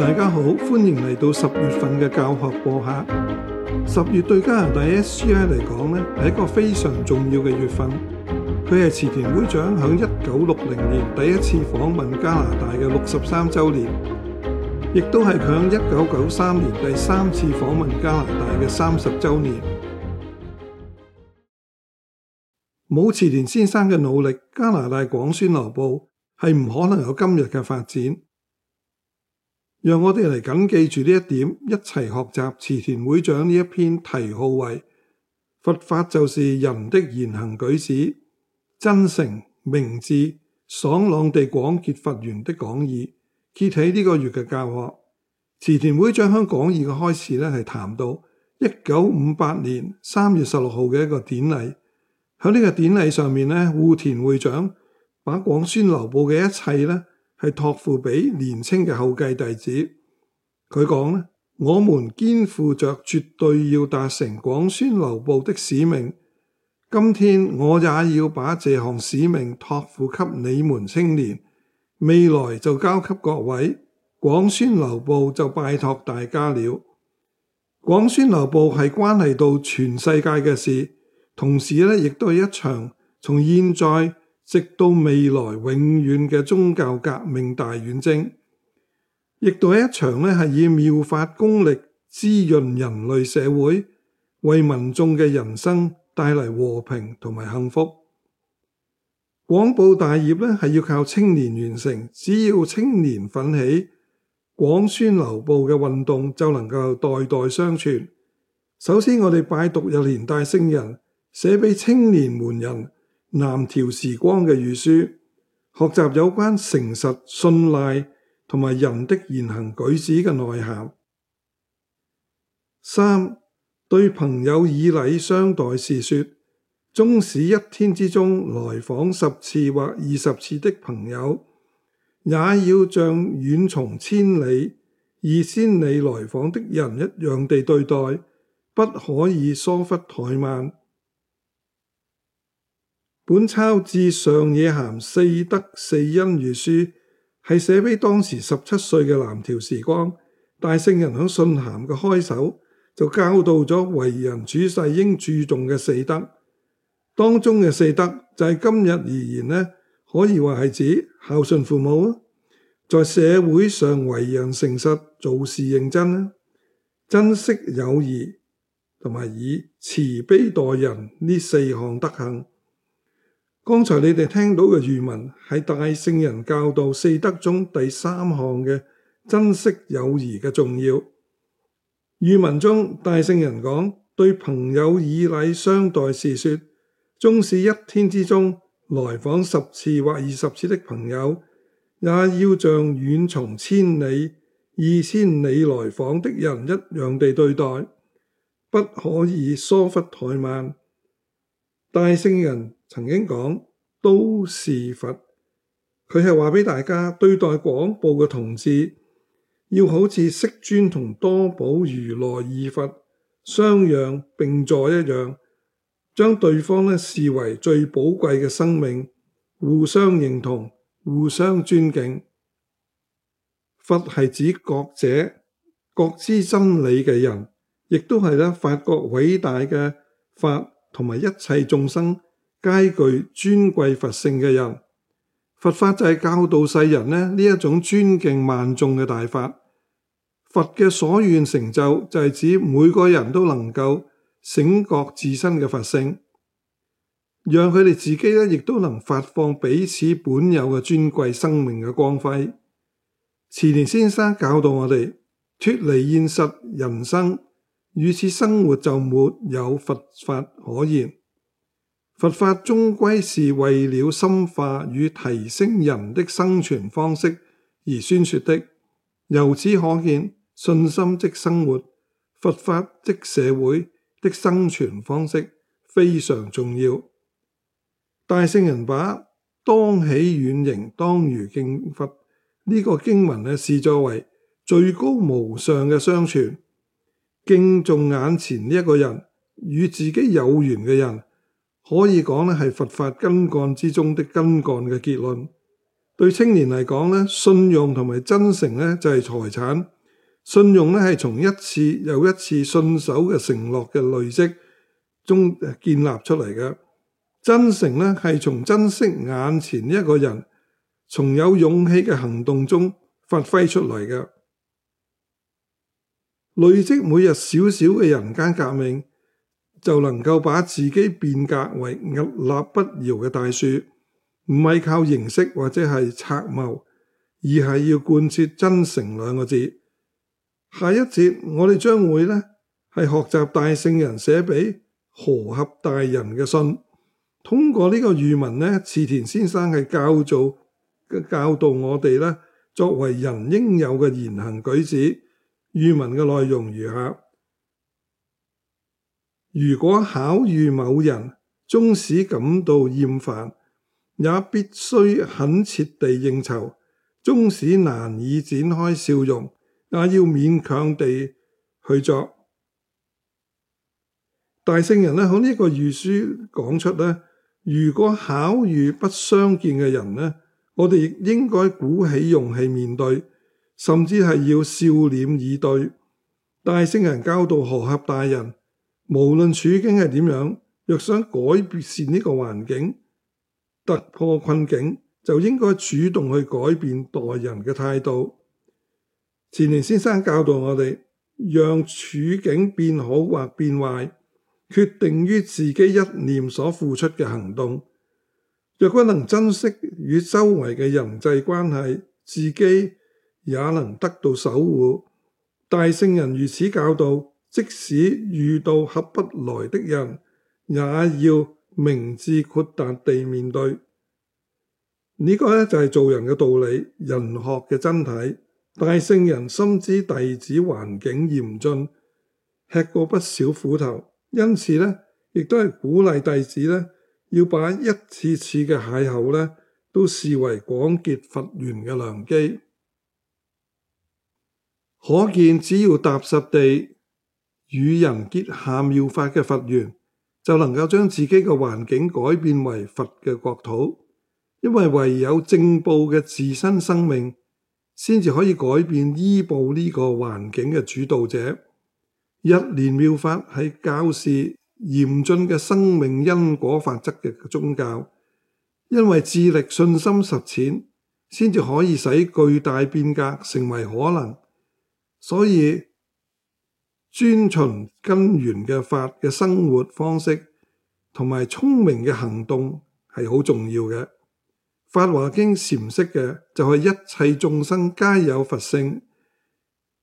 大家好，歡迎嚟到十月份嘅教學播客。十月對加拿大 SGI 嚟講咧，係一個非常重要嘅月份。佢係池田會長響一九六零年第一次訪問加拿大嘅六十三周年，亦都係響一九九三年第三次訪問加拿大嘅三十周年。冇池田先生嘅努力，加拿大廣宣流布係唔可能有今日嘅發展。讓我哋嚟緊記住呢一點，一齊學習池田會長呢一篇題號為《佛法就是人的言行舉止真誠明智爽朗地廣結佛緣》的講義，揭起呢個月嘅教學。池田會長喺講義嘅開始咧，係談到一九五八年三月十六號嘅一個典禮，喺呢個典禮上面呢，戶田會長把廣宣流布嘅一切呢。係託付俾年青嘅後繼弟子，佢講呢：我們肩負著絕對要達成廣宣流布的使命。今天我也要把這項使命託付給你們青年，未來就交給各位，廣宣流布就拜託大家了。廣宣流布係關係到全世界嘅事，同時呢，亦都係一場從現在。直到未來永遠嘅宗教革命大遠征，亦都係一場咧，係以妙法功力滋潤人類社會，為民眾嘅人生帶嚟和平同埋幸福。廣布大業咧，係要靠青年完成。只要青年奮起，廣宣流布嘅運動就能夠代代相傳。首先，我哋拜讀日蓮大聖人寫俾青年門人南條時光嘅御書，學習有關誠實、信賴同埋人的言行舉止嘅內涵。三對朋友以禮相待是說，縱使一天之中來訪十次或二十次的朋友，也要像遠從千里二千里來訪的人一樣地對待，不可以疏忽怠慢。本抄至上野涵四德四恩如書，係寫俾當時十七歲嘅南條時光大聖人響信函嘅開首，就教導咗為人處世應注重嘅四德。當中嘅四德就係今日而言呢，可以話係指孝順父母啦，在社會上為人誠實、做事認真啦，珍惜友誼同埋以慈悲待人呢四項德行。剛才你哋聽到嘅御文係大聖人教導四德中第三項嘅珍惜友誼嘅重要。御文中，大聖人講：對朋友以禮相待是説：縱使一天之中來訪十次或二十次的朋友，也要像遠從千里二千里來訪的人一樣地對待，不可以疏忽怠慢。大聖人曾經講，都是佛，佢係話俾大家對待廣布嘅同志，要好似釋尊同多寶如來二佛相讓並坐一樣，將對方咧視為最寶貴嘅生命，互相認同、互相尊敬。佛係指覺者、覺知真理嘅人，亦都係咧法國偉大嘅法。同埋一切眾生皆具尊貴佛性嘅人，佛法就係教導世人咧呢一種尊敬萬眾嘅大法。佛嘅所願成就就係指每個人都能夠醒覺自身嘅佛性，讓佢哋自己咧亦都能發放彼此本有嘅尊貴生命嘅光輝。慈蓮先生教導我哋脫離現實，人生。如此生活就沒有佛法可言，佛法終歸是為了深化與提升人的生存方式而宣說的。由此可見，信心即生活，佛法即社會的生存方式非常重要。大聖人把當起遠迎當如敬佛呢個經文呢視作為最高無上嘅相傳。敬重眼前呢一個人，與自己有緣嘅人，可以講咧係佛法根幹之中的根幹嘅結論。對青年嚟講咧，信用同埋真誠咧就係財產。信用咧係從一次又一次信守嘅承諾嘅累積中建立出嚟嘅。真誠咧係從珍惜眼前呢一個人，從有勇氣嘅行動中發揮出嚟嘅。累積每日少少嘅人間革命，就能夠把自己變革為屹立不搖嘅大樹。唔係靠形式或者係策謀，而係要貫徹真誠兩個字。下一節我哋將會呢係學習大聖人寫俾河合大人嘅信，通過呢個御文呢，池田先生係教導嘅教導我哋呢，作為人應有嘅言行舉止。御文嘅內容如下：如果巧遇某人，縱使感到厭煩，也必須懇切地應酬，縱使難以展開笑容，也要勉強地去作。大聖人呢，喺呢一個御書講出呢：「如果巧遇不相見嘅人呢，我哋亦應該鼓起勇氣面對。甚至係要笑臉以對，大聖人教導何俠大人，無論處境係點樣，若想改善呢個環境、突破困境，就應該主動去改變待人嘅態度。前廉先生教導我哋，讓處境變好或變壞，決定於自己一念所付出嘅行動。若果能珍惜與周圍嘅人際關係，自己，也能得到守護。大聖人如此教導，即使遇到合不來的人，也要明智豁達地面對。呢個咧就係做人嘅道理，人學嘅真諦。大聖人深知弟子環境嚴峻，吃過不少苦頭，因此呢，亦都係鼓勵弟子呢，要把一次次嘅邂逅呢，都視為廣結佛緣嘅良機。可見，只要踏實地與人結下妙法嘅佛緣，就能夠將自己嘅環境改變為佛嘅國土。因為唯有正報嘅自身生命，先至可以改變依報呢個環境嘅主導者。一念妙法係教示嚴峻嘅生命因果法則嘅宗教，因為智力、信心實、實踐，先至可以使巨大變革成為可能。所以遵循根源嘅法嘅生活方式，同埋聰明嘅行動係好重要嘅。《法華經》闡釋嘅就係一切眾生皆有佛性，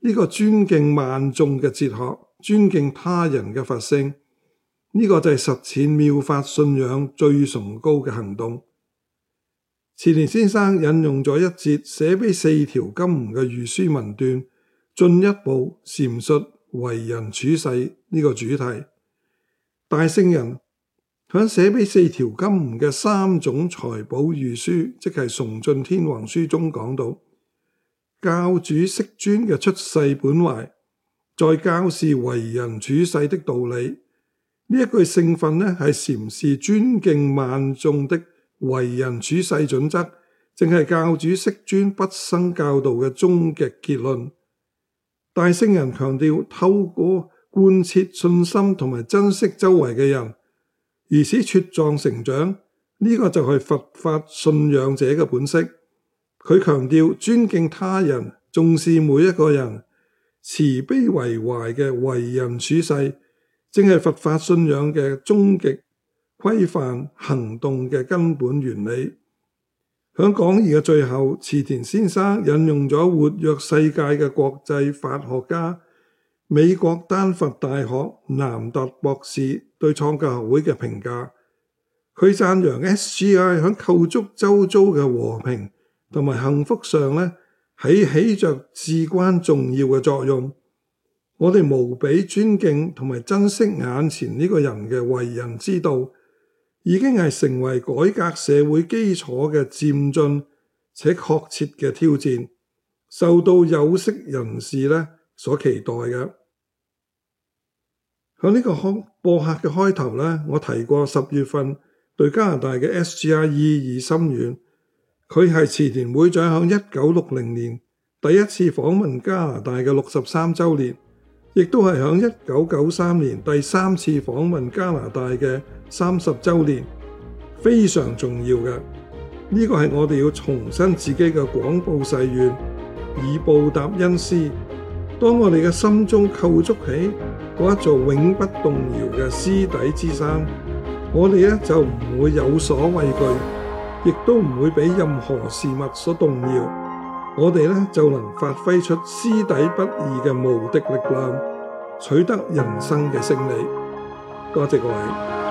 呢、這個尊敬萬眾嘅哲學，尊敬他人嘅佛性，呢、這個就係實踐妙法信仰最崇高嘅行動。池田先生引用咗一節寫俾四條金吾嘅御書文段。進一步闡述為人處世呢個主題。大聖人響寫俾四條金吾嘅三種財寶御書，即係崇峻天皇書中講到教主釋尊嘅出世本懷，再教示為人處世的道理。呢一句聖訓呢，係闡示尊敬萬眾的為人處世準則，正係教主釋尊不生教導嘅終極結論。大聖人強調透過貫徹信心同埋珍惜周圍嘅人，如此茁壯成長。呢個就係佛法信仰者嘅本色。佢強調尊敬他人，重視每一個人，慈悲為懷嘅為人處世，正係佛法信仰嘅終極、規範、行動嘅根本原理。喺講義嘅最後，池田先生引用咗活躍世界嘅國際法學家、美國丹佛大學南達博士對創教學會嘅評價。佢讚揚 SGI 喺構築周遭嘅和平同埋幸福上咧，喺起着至關重要嘅作用。我哋無比尊敬同埋珍惜眼前呢個人嘅為人之道。已經係成為改革社會基礎嘅漸進且確切嘅挑戰，受到有識人士咧所期待嘅。喺呢個開播客嘅開頭呢，我提過十月份對加拿大嘅 SGI 意義深遠。佢係池田會長喺一九六零年第一次訪問加拿大嘅六十三週年，亦都係喺一九九三年第三次訪問加拿大嘅。三十周年非常重要嘅。呢個係我哋要重申自己嘅廣布誓願，以報答恩師。當我哋嘅心中構築起嗰一座永不動搖嘅師弟之山，我哋咧就唔會有所畏懼，亦都唔會俾任何事物所動搖。我哋咧就能發揮出師弟不二嘅無敵力量，取得人生嘅勝利。多謝各位。